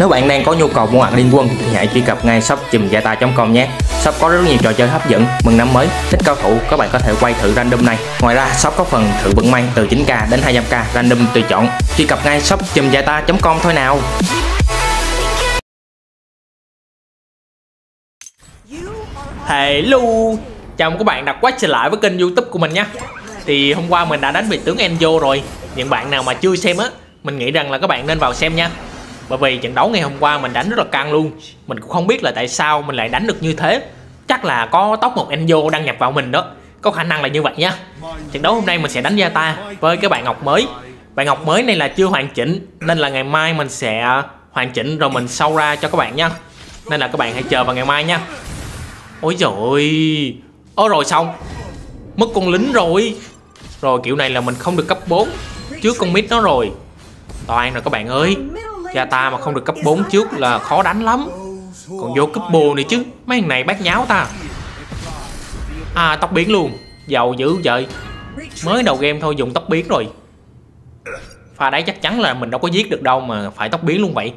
Nếu bạn đang có nhu cầu mua hàng liên quân thì hãy truy cập ngay shop chùm com nhé. Shop có rất nhiều trò chơi hấp dẫn, mừng năm mới, thích cao thủ các bạn có thể quay thử random này. Ngoài ra shop có phần thử vận may từ 9k đến 200k random tùy chọn. Truy cập ngay shop chùm com thôi nào. Hello, chào mừng các bạn đã quay trở lại với kênh youtube của mình nhé Thì hôm qua mình đã đánh vị tướng Enzo rồi Những bạn nào mà chưa xem á Mình nghĩ rằng là các bạn nên vào xem nha bởi vì trận đấu ngày hôm qua mình đánh rất là căng luôn mình cũng không biết là tại sao mình lại đánh được như thế chắc là có tóc một Enzo đăng nhập vào mình đó có khả năng là như vậy nhá trận đấu hôm nay mình sẽ đánh gia ta với cái bạn ngọc mới bạn ngọc mới này là chưa hoàn chỉnh nên là ngày mai mình sẽ hoàn chỉnh rồi mình sâu ra cho các bạn nhá nên là các bạn hãy chờ vào ngày mai nha ôi trời ơi ôi rồi xong mất con lính rồi rồi kiểu này là mình không được cấp 4 trước con mít nó rồi toàn rồi các bạn ơi Cha ta mà không được cấp 4 trước là khó đánh lắm Còn vô cấp bồ này chứ Mấy thằng này bác nháo ta À tóc biến luôn Giàu dữ vậy Mới đầu game thôi dùng tóc biến rồi Pha đấy chắc chắn là mình đâu có giết được đâu Mà phải tóc biến luôn vậy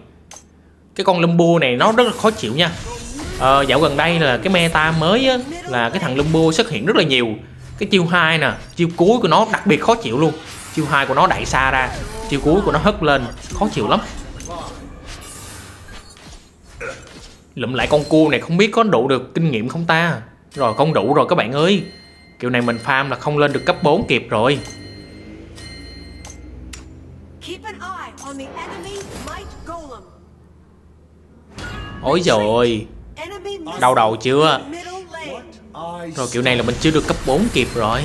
Cái con Lumbo này nó rất là khó chịu nha ờ, Dạo gần đây là cái meta mới á, Là cái thằng Lumbo xuất hiện rất là nhiều Cái chiêu 2 nè Chiêu cuối của nó đặc biệt khó chịu luôn Chiêu 2 của nó đẩy xa ra Chiêu cuối của nó hất lên Khó chịu lắm lụm lại con cua này không biết có đủ được kinh nghiệm không ta rồi không đủ rồi các bạn ơi kiểu này mình farm là không lên được cấp 4 kịp rồi ôi rồi đau đầu chưa rồi kiểu này là mình chưa được cấp 4 kịp rồi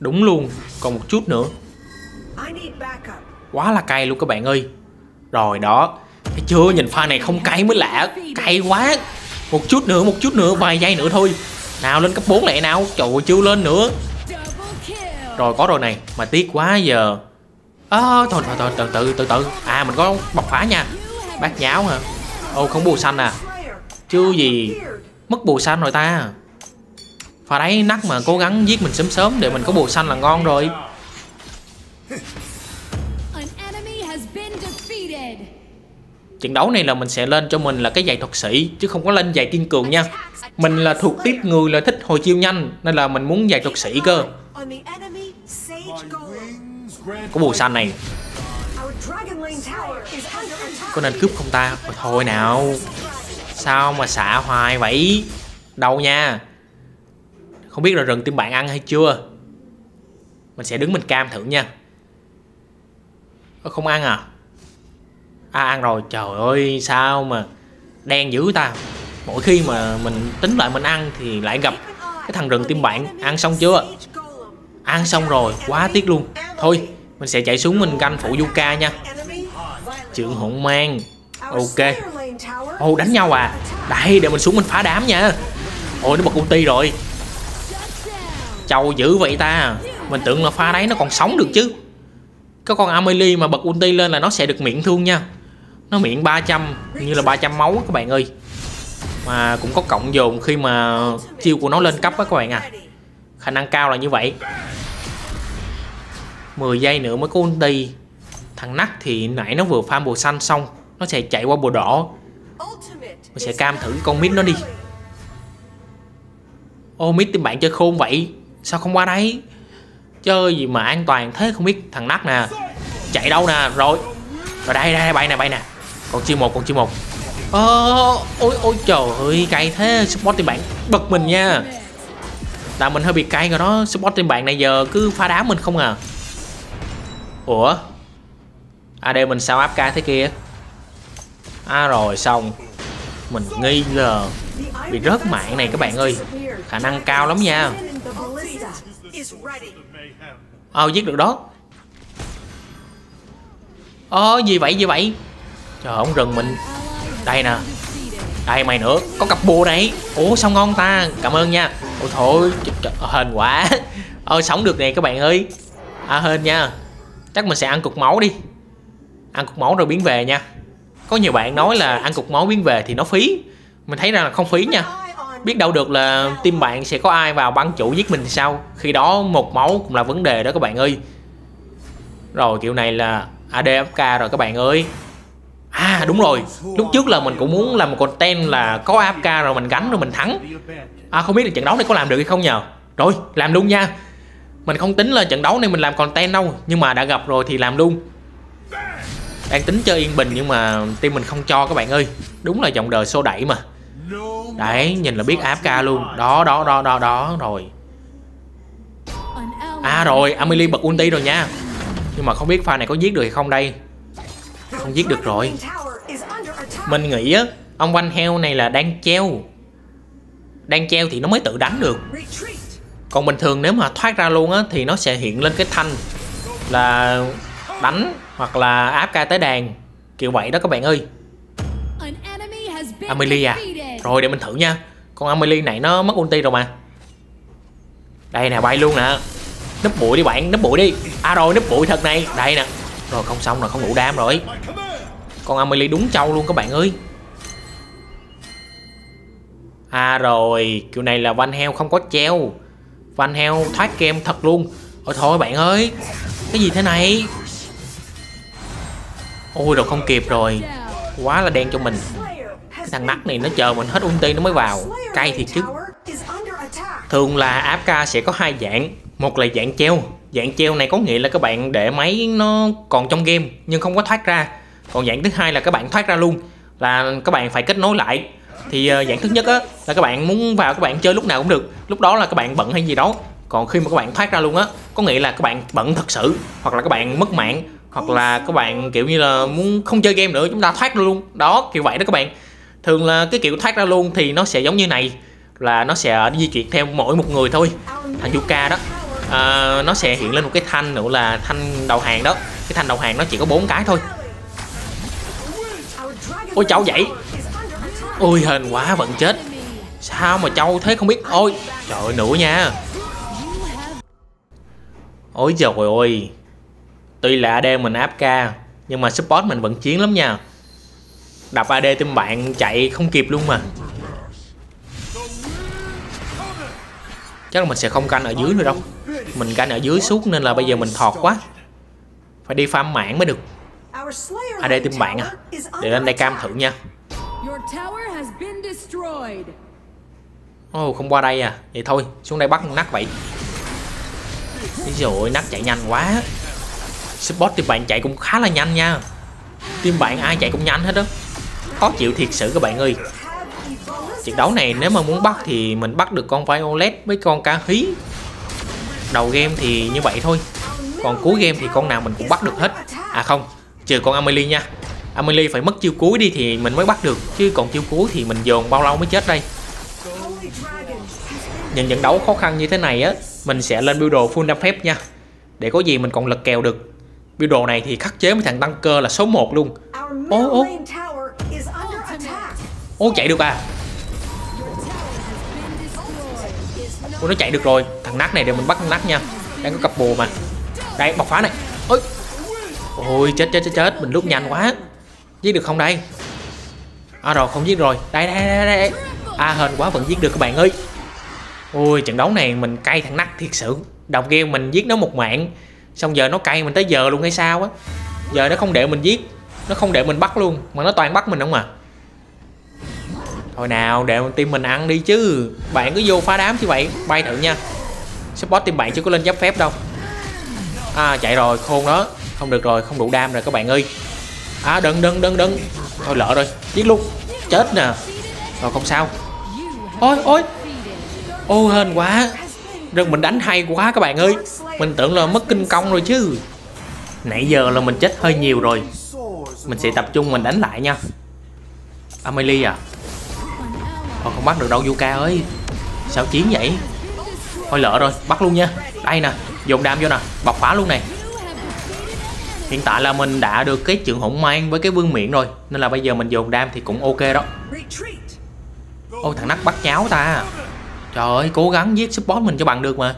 Đúng luôn Còn một chút nữa Quá là cay luôn các bạn ơi Rồi đó Thấy chưa nhìn pha này không cay mới lạ Cay quá Một chút nữa một chút nữa vài giây nữa thôi Nào lên cấp 4 lại nào Trời ơi chưa lên nữa Rồi có rồi này Mà tiếc quá giờ à, thôi, thôi thôi từ từ từ từ À mình có bọc phá nha Bác nháo hả Ô không bù xanh à Chưa gì Mất bù xanh rồi ta Pha đấy nắc mà cố gắng giết mình sớm sớm Để mình có bù xanh là ngon rồi trận đấu này là mình sẽ lên cho mình là cái giày thuật sĩ chứ không có lên giày kiên cường nha mình là thuộc tiếp người là thích hồi chiêu nhanh nên là mình muốn giày thuật sĩ cơ có bù xanh này có nên cướp không ta thôi nào sao mà xả hoài vậy đâu nha không biết là rừng tim bạn ăn hay chưa mình sẽ đứng mình cam thử nha không ăn à à, ăn rồi trời ơi sao mà đen dữ ta mỗi khi mà mình tính lại mình ăn thì lại gặp cái thằng rừng tim bạn ăn xong chưa ăn xong rồi quá tiếc luôn thôi mình sẽ chạy xuống mình canh phụ Yuka nha Trượng hỗn mang Ok Ồ đánh nhau à Đây để mình xuống mình phá đám nha Ôi nó bật ulti rồi Châu dữ vậy ta Mình tưởng là pha đấy nó còn sống được chứ Cái con Amelie mà bật ulti lên là nó sẽ được miệng thương nha nó miễn 300 như là 300 máu các bạn ơi mà cũng có cộng dồn khi mà chiêu của nó lên cấp á các bạn à khả năng cao là như vậy 10 giây nữa mới có ulti thằng nắc thì nãy nó vừa farm bồ xanh xong nó sẽ chạy qua bồ đỏ mình sẽ cam thử con mít nó đi ô mít tìm bạn chơi khôn vậy sao không qua đấy chơi gì mà an toàn thế không biết thằng nắc nè chạy đâu nè rồi rồi đây đây bay nè bay nè còn chiêu một còn chiêu một ờ, ôi ôi trời ơi cay thế support team bạn bật mình nha là mình hơi bị cay rồi đó support team bạn này giờ cứ phá đá mình không à ủa à đây mình sao áp ca thế kia à rồi xong mình nghi ngờ bị rớt mạng này các bạn ơi khả năng cao lắm nha ờ giết được đó ờ gì vậy gì vậy chờ ông rừng mình Đây nè Đây mày nữa Có cặp bùa đấy Ủa sao ngon ta Cảm ơn nha ôi thôi Hên quá Ôi ờ, sống được nè các bạn ơi À hên nha Chắc mình sẽ ăn cục máu đi Ăn cục máu rồi biến về nha Có nhiều bạn nói là ăn cục máu biến về thì nó phí Mình thấy ra là không phí nha Biết đâu được là team bạn sẽ có ai vào băng chủ giết mình thì sao Khi đó một máu cũng là vấn đề đó các bạn ơi Rồi kiểu này là ADFK rồi các bạn ơi à đúng rồi lúc trước là mình cũng muốn làm một content là có AFK rồi mình gánh rồi mình thắng à không biết là trận đấu này có làm được hay không nhờ rồi làm luôn nha mình không tính là trận đấu này mình làm content đâu nhưng mà đã gặp rồi thì làm luôn đang tính chơi yên bình nhưng mà team mình không cho các bạn ơi đúng là dòng đời xô đẩy mà đấy nhìn là biết AFK luôn đó đó đó đó đó rồi à rồi Amelie bật ulti rồi nha nhưng mà không biết pha này có giết được hay không đây không giết được rồi Mình nghĩ á Ông quanh heo này là đang treo Đang treo thì nó mới tự đánh được Còn bình thường nếu mà thoát ra luôn á Thì nó sẽ hiện lên cái thanh Là đánh Hoặc là áp ca tới đàn Kiểu vậy đó các bạn ơi Amelie à Rồi để mình thử nha Con Amelie này nó mất ulti rồi mà Đây nè bay luôn nè Nấp bụi đi bạn, nấp bụi đi À rồi nấp bụi thật này Đây nè rồi không xong rồi không đủ đam rồi Con Amelie đúng trâu luôn các bạn ơi À rồi Kiểu này là Van Heo không có treo Van Heo thoát kem thật luôn Ôi thôi bạn ơi Cái gì thế này Ôi rồi không kịp rồi Quá là đen cho mình Cái thằng nắc này nó chờ mình hết ulti nó mới vào Cay thiệt chứ Thường là Áp Ca sẽ có hai dạng Một là dạng treo dạng treo này có nghĩa là các bạn để máy nó còn trong game nhưng không có thoát ra còn dạng thứ hai là các bạn thoát ra luôn là các bạn phải kết nối lại thì ờ, dạng thứ nhất á là các bạn muốn vào các bạn chơi lúc nào cũng được lúc đó là các bạn bận hay gì đó còn khi mà các bạn thoát ra luôn á có nghĩa là các bạn bận thật sự hoặc là các bạn mất mạng hoặc là các bạn kiểu như là muốn không chơi game nữa chúng ta thoát ra luôn đó kiểu vậy đó các bạn thường là cái kiểu thoát ra luôn thì nó sẽ giống như này là nó sẽ di chuyển theo mỗi một người thôi thằng Yuka đó à, nó sẽ hiện lên một cái thanh nữa là thanh đầu hàng đó cái thanh đầu hàng nó chỉ có bốn cái thôi ôi cháu vậy ôi hên quá vẫn chết sao mà cháu thế không biết ôi trời nữa nha ôi trời ơi tuy là AD mình áp ca nhưng mà support mình vẫn chiến lắm nha đập AD tim bạn chạy không kịp luôn mà chắc là mình sẽ không canh ở dưới nữa đâu mình canh ở dưới suốt nên là bây giờ mình thọt quá Phải đi farm mạng mới được ở đây tìm bạn à Để lên đây cam thử nha Ồ oh, không qua đây à Vậy thôi xuống đây bắt con nắc vậy rồi nắc chạy nhanh quá Support team bạn chạy cũng khá là nhanh nha tìm bạn ai chạy cũng nhanh hết đó Khó chịu thiệt sự các bạn ơi Trận đấu này nếu mà muốn bắt thì mình bắt được con Violet với con cá hí đầu game thì như vậy thôi còn cuối game thì con nào mình cũng bắt được hết à không trừ con Amelie nha Amelie phải mất chiêu cuối đi thì mình mới bắt được chứ còn chiêu cuối thì mình dồn bao lâu mới chết đây những trận đấu khó khăn như thế này á mình sẽ lên build đồ full đam phép nha để có gì mình còn lật kèo được build đồ này thì khắc chế với thằng tăng cơ là số 1 luôn ô ô ô chạy được à ô nó chạy được rồi thằng nắc này để mình bắt thằng nắc nha đang có cặp bồ mà đây bọc phá này ôi ôi chết chết chết chết mình lúc nhanh quá giết được không đây à rồi không giết rồi đây đây đây đây a à, hên quá vẫn giết được các bạn ơi ôi trận đấu này mình cay thằng nát thiệt sự đầu game mình giết nó một mạng xong giờ nó cay mình tới giờ luôn hay sao á giờ nó không để mình giết nó không để mình bắt luôn mà nó toàn bắt mình không à thôi nào để team mình ăn đi chứ bạn cứ vô phá đám như vậy bay thử nha support team bạn chứ có lên giáp phép đâu à chạy rồi khôn đó không được rồi không đủ đam rồi các bạn ơi à đừng đừng đừng đừng thôi lỡ rồi giết luôn chết nè rồi không sao ôi ôi ô hên quá rừng mình đánh hay quá các bạn ơi mình tưởng là mất kinh công rồi chứ nãy giờ là mình chết hơi nhiều rồi mình sẽ tập trung mình đánh lại nha Amelie à Còn ờ, không bắt được đâu Yuka ơi Sao chiến vậy Thôi lỡ rồi, bắt luôn nha Đây nè, dồn đam vô nè, bọc phá luôn này Hiện tại là mình đã được cái trường hỗn mang với cái vương miệng rồi Nên là bây giờ mình dồn đam thì cũng ok đó Ôi thằng nắc bắt cháo ta Trời ơi, cố gắng giết support mình cho bằng được mà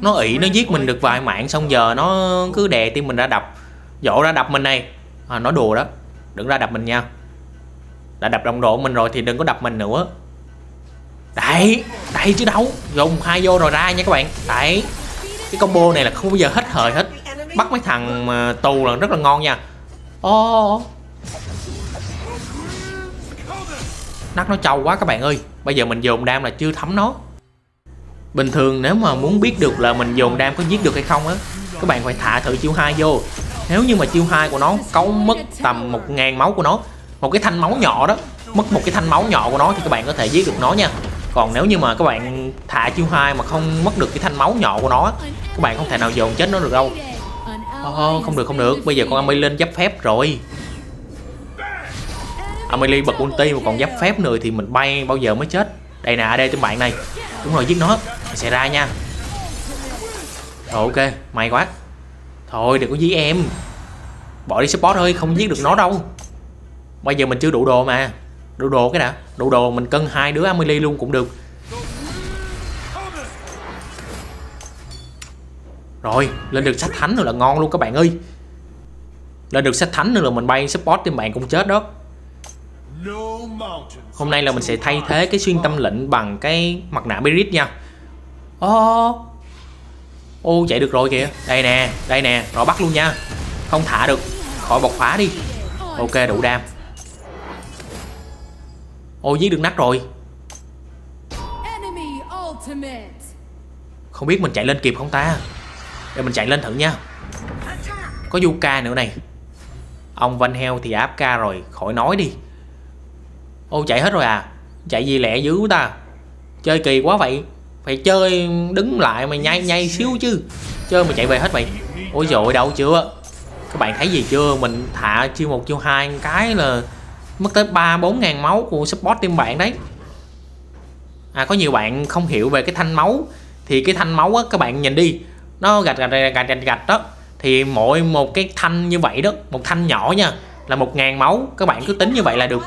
Nó ỉ, nó giết mình được vài mạng xong giờ nó cứ đè tim mình ra đập Dỗ ra đập mình này à, Nó đùa đó, đừng ra đập mình nha Đã đập đồng độ mình rồi thì đừng có đập mình nữa Đấy Đấy chứ đâu Dùng hai vô rồi ra nha các bạn Đấy Cái combo này là không bao giờ hết thời hết Bắt mấy thằng tù là rất là ngon nha Ồ oh. Nắc nó trâu quá các bạn ơi Bây giờ mình dồn đam là chưa thấm nó Bình thường nếu mà muốn biết được là mình dồn đam có giết được hay không á Các bạn phải thả thử chiêu hai vô Nếu như mà chiêu hai của nó cấu mất tầm một ngàn máu của nó Một cái thanh máu nhỏ đó Mất một cái thanh máu nhỏ của nó thì các bạn có thể giết được nó nha còn nếu như mà các bạn thả chiêu hai mà không mất được cái thanh máu nhỏ của nó các bạn không thể nào dồn chết nó được đâu oh, không được không được bây giờ con Amelie lên giáp phép rồi Amelie bật ulti mà còn giáp phép nữa thì mình bay bao giờ mới chết đây nè đây tụi bạn này đúng rồi giết nó sẽ ra nha rồi ok may quá thôi đừng có dí em bỏ đi support thôi không giết được nó đâu bây giờ mình chưa đủ đồ mà Đồ đồ cái đã Đồ đồ mình cân hai đứa Amelie luôn cũng được Rồi lên được sách thánh rồi là ngon luôn các bạn ơi Lên được sách thánh nữa là mình bay support thì bạn cũng chết đó Hôm nay là mình sẽ thay thế cái xuyên tâm lệnh bằng cái mặt nạ Berit nha Ô oh. Ô oh, chạy được rồi kìa Đây nè, đây nè, rồi bắt luôn nha Không thả được, khỏi bộc phá đi Ok đủ đam Ôi giết được nát rồi Không biết mình chạy lên kịp không ta Để mình chạy lên thử nha Có Yuka nữa này Ông Van Heo thì áp ca rồi Khỏi nói đi Ô chạy hết rồi à Chạy gì lẹ dữ ta Chơi kỳ quá vậy Phải chơi đứng lại mà nhay nhay xíu chứ Chơi mà chạy về hết vậy Ôi dồi đâu chưa Các bạn thấy gì chưa Mình thả chiêu một chiêu hai cái là mất tới 3 4 ngàn máu của support team bạn đấy à có nhiều bạn không hiểu về cái thanh máu thì cái thanh máu á các bạn nhìn đi nó gạch gạch gạch gạch gạch, đó thì mỗi một cái thanh như vậy đó một thanh nhỏ nha là một ngàn máu các bạn cứ tính như vậy là được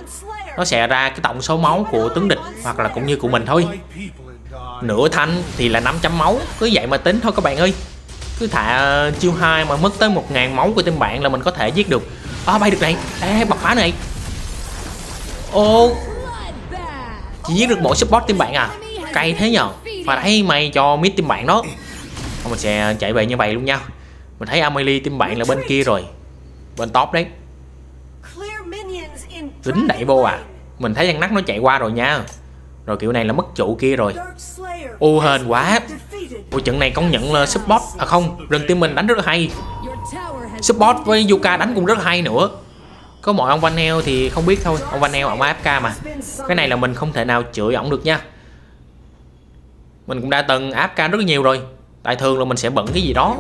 nó sẽ ra cái tổng số máu của tướng địch hoặc là cũng như của mình thôi nửa thanh thì là 500 máu cứ vậy mà tính thôi các bạn ơi cứ thả chiêu 2 mà mất tới một ngàn máu của team bạn là mình có thể giết được à, bay được này Ê, bật phá này Ô Chỉ giết được bộ support team bạn à Cay thế nhờ Và đấy mày cho mid team bạn đó Không, Mình sẽ chạy về như vậy luôn nha Mình thấy Amelie team bạn là bên kia rồi Bên top đấy Tính đẩy vô à Mình thấy thằng nắc nó chạy qua rồi nha Rồi kiểu này là mất trụ kia rồi U hên quá Ôi trận này công nhận là support À không, rừng team mình đánh rất hay Support với Yuka đánh cũng rất hay nữa có mọi ông Van Heo thì không biết thôi ông Van Heo ông AFK mà cái này là mình không thể nào chửi ổng được nha mình cũng đã từng AFK rất nhiều rồi tại thường là mình sẽ bận cái gì đó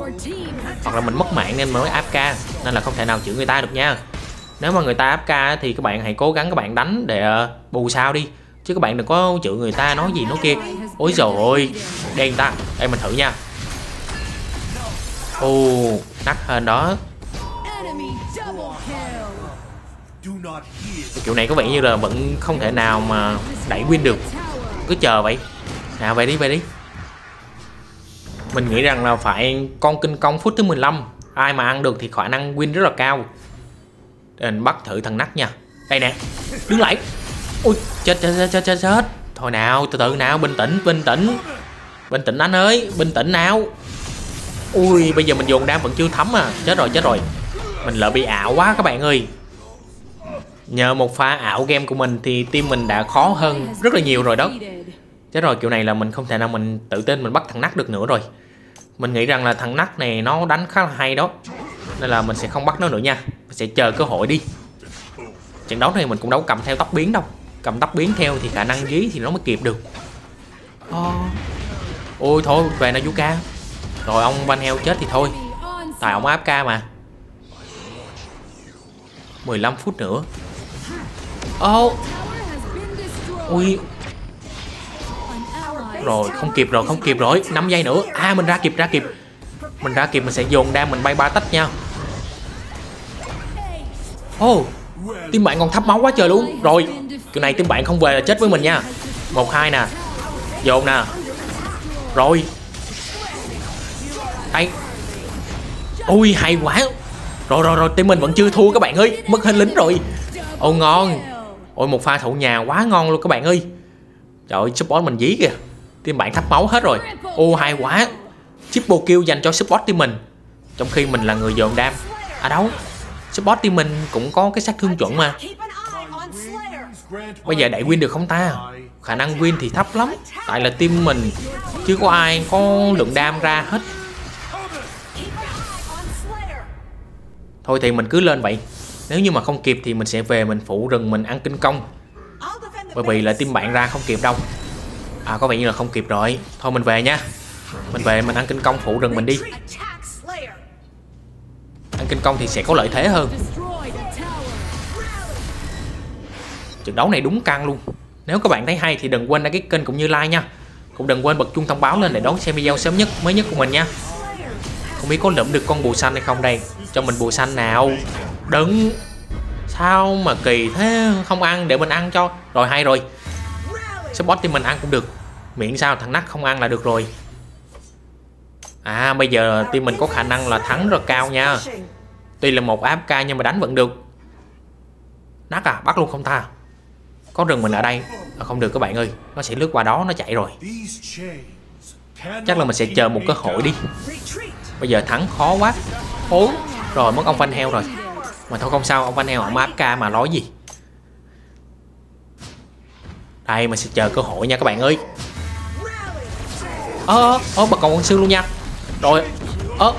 hoặc là mình mất mạng nên mới AFK nên là không thể nào chửi người ta được nha nếu mà người ta AFK thì các bạn hãy cố gắng các bạn đánh để ờ, bù sao đi chứ các bạn đừng có chửi người ta nói gì nói kia ôi trời ơi đen ta đây mình thử nha ồ nắp hình đó kiểu này có vẻ như là vẫn không thể nào mà đẩy win được cứ chờ vậy à về đi về đi mình nghĩ rằng là phải con kinh công phút thứ 15 ai mà ăn được thì khả năng win rất là cao để bắt thử thằng nắc nha đây nè đứng lại ui chết chết chết chết chết thôi nào từ từ nào bình tĩnh bình tĩnh bình tĩnh anh ơi bình tĩnh nào ui bây giờ mình dồn đam vẫn chưa thấm à chết rồi chết rồi mình lỡ bị ảo quá các bạn ơi Nhờ một pha ảo game của mình thì team mình đã khó hơn rất là nhiều rồi đó Chết rồi kiểu này là mình không thể nào mình tự tin mình bắt thằng nắc được nữa rồi Mình nghĩ rằng là thằng nắc này nó đánh khá là hay đó Nên là mình sẽ không bắt nó nữa nha Mình sẽ chờ cơ hội đi Trận đấu này mình cũng đâu cầm theo tóc biến đâu Cầm tóc biến theo thì khả năng dí thì nó mới kịp được ờ. Ôi thôi về nó Yuka Rồi ông Van Heo chết thì thôi Tại ông AFK mà 15 phút nữa Ô oh. Ui Rồi không kịp rồi không kịp rồi 5 giây nữa À mình ra kịp ra kịp Mình ra kịp mình sẽ dồn đam mình bay ba tách nha Ô oh. Team bạn còn thấp máu quá trời luôn Rồi Kiểu này team bạn không về là chết với mình nha một hai nè Dồn nè Rồi Đây Ui hay quá Rồi rồi rồi team mình vẫn chưa thua các bạn ơi Mất hết lính rồi Ồ ngon ôi một pha thủ nhà quá ngon luôn các bạn ơi trời ơi support mình dí kìa team bạn thắp máu hết rồi ô hay quá triple kill dành cho support team mình trong khi mình là người dồn đam à đâu support team mình cũng có cái sát thương chuẩn mà bây giờ đẩy win được không ta khả năng win thì thấp lắm tại là team mình chưa có ai có lượng đam ra hết thôi thì mình cứ lên vậy nếu như mà không kịp thì mình sẽ về mình phụ rừng mình ăn kinh công bởi vì là team bạn ra không kịp đâu à có vẻ như là không kịp rồi thôi mình về nha mình về mình ăn kinh công phụ rừng mình đi ăn kinh công thì sẽ có lợi thế hơn trận đấu này đúng căng luôn nếu các bạn thấy hay thì đừng quên đăng ký kênh cũng như like nha cũng đừng quên bật chuông thông báo lên để đón xem video sớm nhất mới nhất của mình nha không biết có lượm được con bù xanh hay không đây cho mình bù xanh nào đừng sao mà kỳ thế không ăn để mình ăn cho rồi hay rồi support thì mình ăn cũng được miễn sao thằng nắc không ăn là được rồi à bây giờ team mình có khả năng là thắng rất cao nha tuy là một áp ca nhưng mà đánh vẫn được nắc à bắt luôn không tha. có rừng mình ở đây à, không được các bạn ơi nó sẽ lướt qua đó nó chạy rồi chắc là mình sẽ chờ một cơ hội đi bây giờ thắng khó quá ốm rồi mất ông phanh heo rồi mà thôi không sao ông anh em ông áp ca mà nói gì đây mình sẽ chờ cơ hội nha các bạn ơi ơ ơ ơ còn con sư luôn nha rồi ơ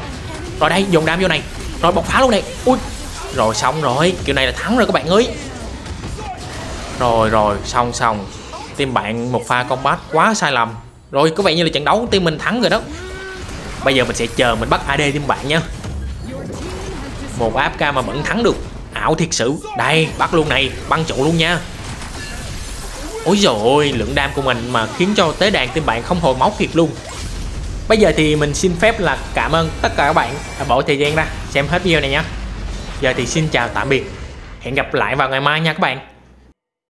rồi đây dùng đam vô này rồi bộc phá luôn này ui rồi xong rồi kiểu này là thắng rồi các bạn ơi rồi rồi xong xong team bạn một pha combat quá sai lầm rồi có vẻ như là trận đấu team mình thắng rồi đó bây giờ mình sẽ chờ mình bắt ad team bạn nha một áp ca mà vẫn thắng được ảo thiệt sự đây bắt luôn này băng trụ luôn nha ôi dồi ôi lượng đam của mình mà khiến cho tế đàn team bạn không hồi máu thiệt luôn bây giờ thì mình xin phép là cảm ơn tất cả các bạn đã à, bỏ thời gian ra xem hết video này nha giờ thì xin chào tạm biệt hẹn gặp lại vào ngày mai nha các bạn